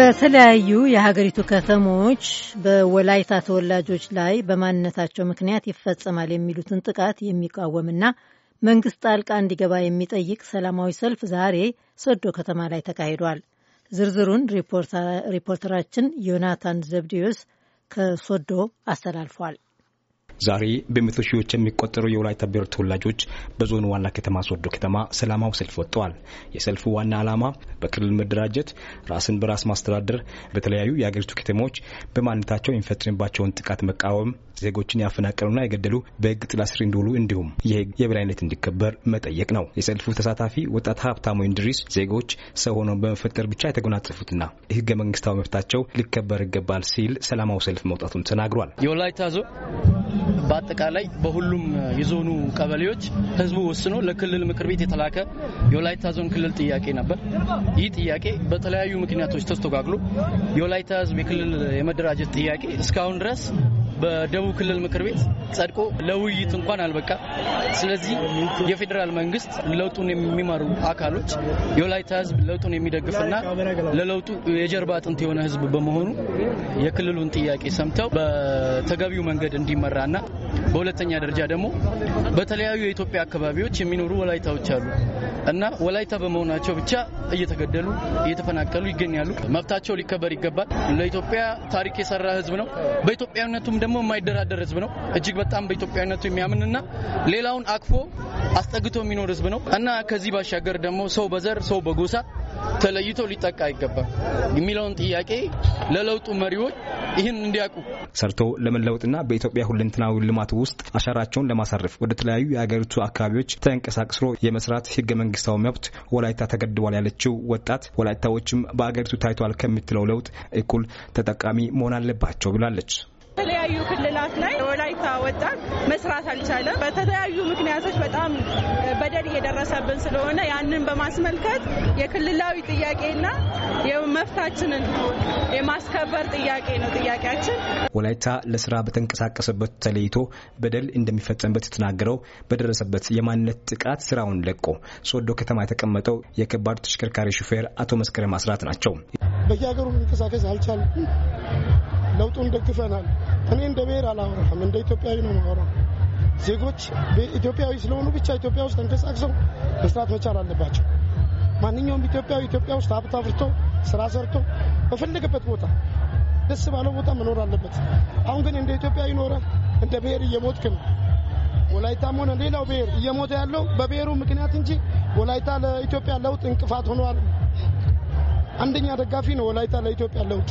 በተለያዩ የሀገሪቱ ከተሞች በወላይታ ተወላጆች ላይ በማንነታቸው ምክንያት ይፈጸማል የሚሉትን ጥቃት የሚቃወምና መንግስት ጣልቃ እንዲገባ የሚጠይቅ ሰላማዊ ሰልፍ ዛሬ ሶዶ ከተማ ላይ ተካሂዷል። ዝርዝሩን ሪፖርተራችን ዮናታን ዘብዲዮስ ከሶዶ አስተላልፏል። ዛሬ በመቶ ሺዎች የሚቆጠሩ የወላይታ ብሔር ተወላጆች በዞኑ ዋና ከተማ ሶዶ ከተማ ሰላማዊ ሰልፍ ወጥተዋል። የሰልፉ ዋና ዓላማ በክልል መደራጀት፣ ራስን በራስ ማስተዳደር፣ በተለያዩ የአገሪቱ ከተሞች በማንነታቸው የሚፈጽምባቸውን ጥቃት መቃወም፣ ዜጎችን ያፈናቀሉና የገደሉ በህግ ጥላ ስር እንዲውሉ እንዲሁም የሕግ የበላይነት እንዲከበር መጠየቅ ነው። የሰልፉ ተሳታፊ ወጣት ሀብታሙ ኢንድሪስ ዜጎች ሰው ሆነው በመፈጠር ብቻ የተጎናጸፉትና ህገ መንግስታዊ መብታቸው ሊከበር ይገባል ሲል ሰላማዊ ሰልፍ መውጣቱን ተናግሯል። በአጠቃላይ በሁሉም የዞኑ ቀበሌዎች ህዝቡ ወስኖ ለክልል ምክር ቤት የተላከ የወላይታ ዞን ክልል ጥያቄ ነበር። ይህ ጥያቄ በተለያዩ ምክንያቶች ተስተጓግሎ የወላይታ ህዝብ የክልል የመደራጀት ጥያቄ እስካሁን ድረስ በደቡብ ክልል ምክር ቤት ጸድቆ ለውይይት እንኳን አልበቃ። ስለዚህ የፌዴራል መንግስት ለውጡን የሚመሩ አካሎች የወላይታ ህዝብ ለውጡን የሚደግፍና ለለውጡ የጀርባ አጥንት የሆነ ህዝብ በመሆኑ የክልሉን ጥያቄ ሰምተው በተገቢው መንገድ እንዲመራና በሁለተኛ ደረጃ ደግሞ በተለያዩ የኢትዮጵያ አካባቢዎች የሚኖሩ ወላይታዎች አሉ እና ወላይታ በመሆናቸው ብቻ እየተገደሉ እየተፈናቀሉ ይገኛሉ። መብታቸው ሊከበር ይገባል። ለኢትዮጵያ ታሪክ የሰራ ህዝብ ነው። በኢትዮጵያዊነቱም ደግሞ የማይደራደር ህዝብ ነው። እጅግ በጣም በኢትዮጵያዊነቱ የሚያምንና ሌላውን አቅፎ አስጠግቶ የሚኖር ህዝብ ነው እና ከዚህ ባሻገር ደግሞ ሰው በዘር ሰው በጎሳ ተለይቶ ሊጠቃ አይገባም የሚለውን ጥያቄ ለለውጡ መሪዎች ይህን እንዲያውቁ ሰርቶ ለመለወጥና በኢትዮጵያ ሁለንትናዊ ልማት ውስጥ አሻራቸውን ለማሳረፍ ወደ ተለያዩ የሀገሪቱ አካባቢዎች ተንቀሳቅስሮ የመስራት ህገ መንግስታዊ መብት ወላይታ ተገድቧል ያለችው ወጣት ወላይታዎችም በሀገሪቱ ታይቷል ከምትለው ለውጥ እኩል ተጠቃሚ መሆን አለባቸው ብላለች። በተለያዩ ክልላት ላይ ወላይታ ወጣት መስራት አልቻለም። በተለያዩ ምክንያቶች በጣም በደል እየደረሰብን ስለሆነ ያንን በማስመልከት የክልላዊ ጥያቄና የመፍታችንን የማስከበር ጥያቄ ነው ጥያቄያችን። ወላይታ ለስራ በተንቀሳቀሰበት ተለይቶ በደል እንደሚፈጸምበት የተናገረው በደረሰበት የማንነት ጥቃት ስራውን ለቆ ሶዶ ከተማ የተቀመጠው የከባድ ተሽከርካሪ ሹፌር አቶ መስከረም አስራት ናቸው። በየሀገሩ መንቀሳቀስ አልቻልኩም ለውጡን ደግፈናል። እኔ እንደ ብሔር አላወራም፣ እንደ ኢትዮጵያዊ ነው ማወራ። ዜጎች ኢትዮጵያዊ ስለሆኑ ብቻ ኢትዮጵያ ውስጥ ተንቀሳቅሰው መስራት መቻል አለባቸው። ማንኛውም ኢትዮጵያዊ ኢትዮጵያ ውስጥ ሀብት አፍርቶ ስራ ሰርቶ በፈለገበት ቦታ ደስ ባለው ቦታ መኖር አለበት። አሁን ግን እንደ ኢትዮጵያ ይኖረ እንደ ብሔር እየሞትክ ነው። ወላይታም ሆነ ሌላው ብሔር እየሞተ ያለው በብሔሩ ምክንያት እንጂ ወላይታ ለኢትዮጵያ ለውጥ እንቅፋት ሆኗል። አንደኛ ደጋፊ ነው ወላይታ ለኢትዮጵያ ለውጥ።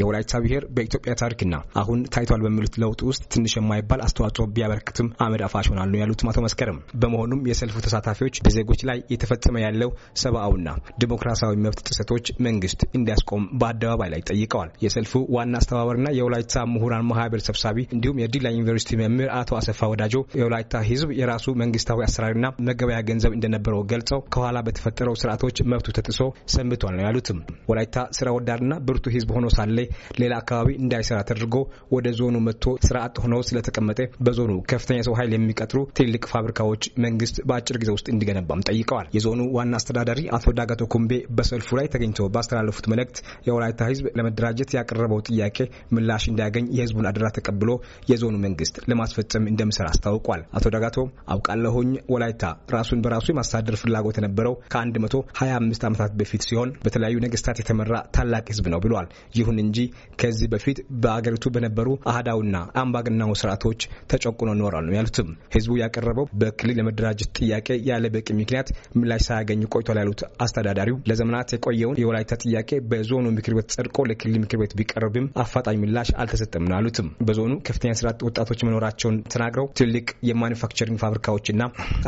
የወላይታ ብሔር በኢትዮጵያ ታሪክና አሁን ታይቷል በሚሉት ለውጥ ውስጥ ትንሽ የማይባል አስተዋጽኦ ቢያበረክትም አመድ አፋሽ ሆናሉ ያሉት አቶ መስከረም። በመሆኑም የሰልፉ ተሳታፊዎች በዜጎች ላይ የተፈጸመ ያለው ሰብአዊና ዲሞክራሲያዊ መብት ጥሰቶች መንግስት እንዲያስቆም በአደባባይ ላይ ጠይቀዋል። የሰልፉ ዋና አስተባባሪና የወላይታ ምሁራን ማህበር ሰብሳቢ እንዲሁም የዲላ ዩኒቨርሲቲ መምህር አቶ አሰፋ ወዳጆ የወላይታ ህዝብ የራሱ መንግስታዊ አሰራርና መገበያ ገንዘብ እንደነበረው ገልጸው ከኋላ በተፈጠረው ስርዓቶች መብቱ ተጥሶ ሰንብቷል ነው ያሉትም። ወላይታ ስራ ወዳድና ብርቱ ህዝብ ሆኖ ሳለ ሌላ አካባቢ እንዳይሰራ ተደርጎ ወደ ዞኑ መጥቶ ስራ አጥ ሆኖ ስለተቀመጠ በዞኑ ከፍተኛ ሰው ኃይል የሚቀጥሩ ትልቅ ፋብሪካዎች መንግስት በአጭር ጊዜ ውስጥ እንዲገነባም ጠይቀዋል። የዞኑ ዋና አስተዳዳሪ አቶ ዳጋቶ ኩምቤ በሰልፉ ላይ ተገኝተው ባስተላለፉት መልእክት የወላይታ ህዝብ ለመደራጀት ያቀረበው ጥያቄ ምላሽ እንዲያገኝ የህዝቡን አደራ ተቀብሎ የዞኑ መንግስት ለማስፈጸም እንደምሰራ አስታውቋል። አቶ ዳጋቶ አውቃለሁኝ ወላይታ ራሱን በራሱ የማስተዳደር ፍላጎት የነበረው ከ125 ዓመታት በፊት ሲሆን በተለያዩ መንግስታት የተመራ ታላቅ ህዝብ ነው ብሏል። ይሁን እንጂ ከዚህ በፊት በአገሪቱ በነበሩ አህዳውና አምባገነናዊ ስርዓቶች ተጨቁኖ ኖሯል ነው ያሉትም። ህዝቡ ያቀረበው በክልል ለመደራጀት ጥያቄ ያለ በቂ ምክንያት ምላሽ ሳያገኝ ቆይቷል ያሉት አስተዳዳሪው ለዘመናት የቆየውን የወላይታ ጥያቄ በዞኑ ምክር ቤት ጸድቆ ለክልል ምክር ቤት ቢቀርብም አፋጣኝ ምላሽ አልተሰጠም ነው ያሉትም። በዞኑ ከፍተኛ ስራ አጥ ወጣቶች መኖራቸውን ተናግረው ትልቅ የማኒፋክቸሪንግ ፋብሪካዎችና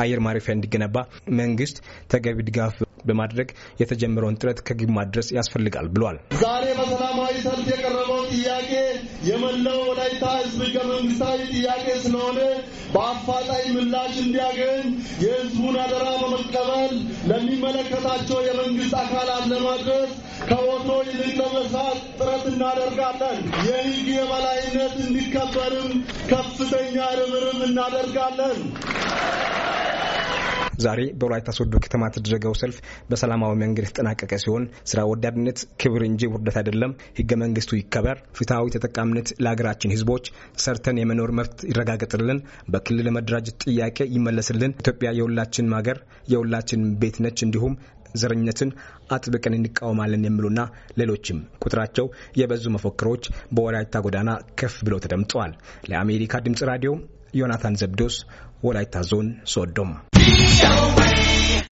አየር ማረፊያ እንዲገነባ መንግስት ተገቢ ድጋፍ በማድረግ የተጀመረውን ጥረት ከግብ ማድረስ ያስፈልጋል ብሏል። ዛሬ በሰላማዊ ሰልፍ የቀረበው ጥያቄ የመላው ወላይታ ህዝብ ህገ መንግስታዊ ጥያቄ ስለሆነ በአፋጣኝ ምላሽ እንዲያገኝ የህዝቡን አደራ በመቀበል ለሚመለከታቸው የመንግስት አካላት ለማድረስ ከወትሮ ይልቅ ለመስራት ጥረት እናደርጋለን። የህግ የበላይነት እንዲከበርም ከፍተኛ ርብርብ እናደርጋለን። ዛሬ በወላይታ ሶዶ ከተማ የተደረገው ሰልፍ በሰላማዊ መንገድ የተጠናቀቀ ሲሆን ስራ ወዳድነት ክብር እንጂ ውርደት አይደለም፣ ህገ መንግስቱ ይከበር፣ ፍትሐዊ ተጠቃሚነት ለሀገራችን ህዝቦች፣ ሰርተን የመኖር መብት ይረጋገጥልን፣ በክልል መደራጀት ጥያቄ ይመለስልን፣ ኢትዮጵያ የሁላችንም ሀገር የሁላችን ቤት ነች፣ እንዲሁም ዘረኝነትን አጥብቀን እንቃወማለን የሚሉና ሌሎችም ቁጥራቸው የበዙ መፈክሮች በወላይታ ጎዳና ከፍ ብለው ተደምጠዋል። ለአሜሪካ ድምጽ ራዲዮ ዮናታን ዘብዶስ ወላይታ ዞን ሶዶም Don't wait.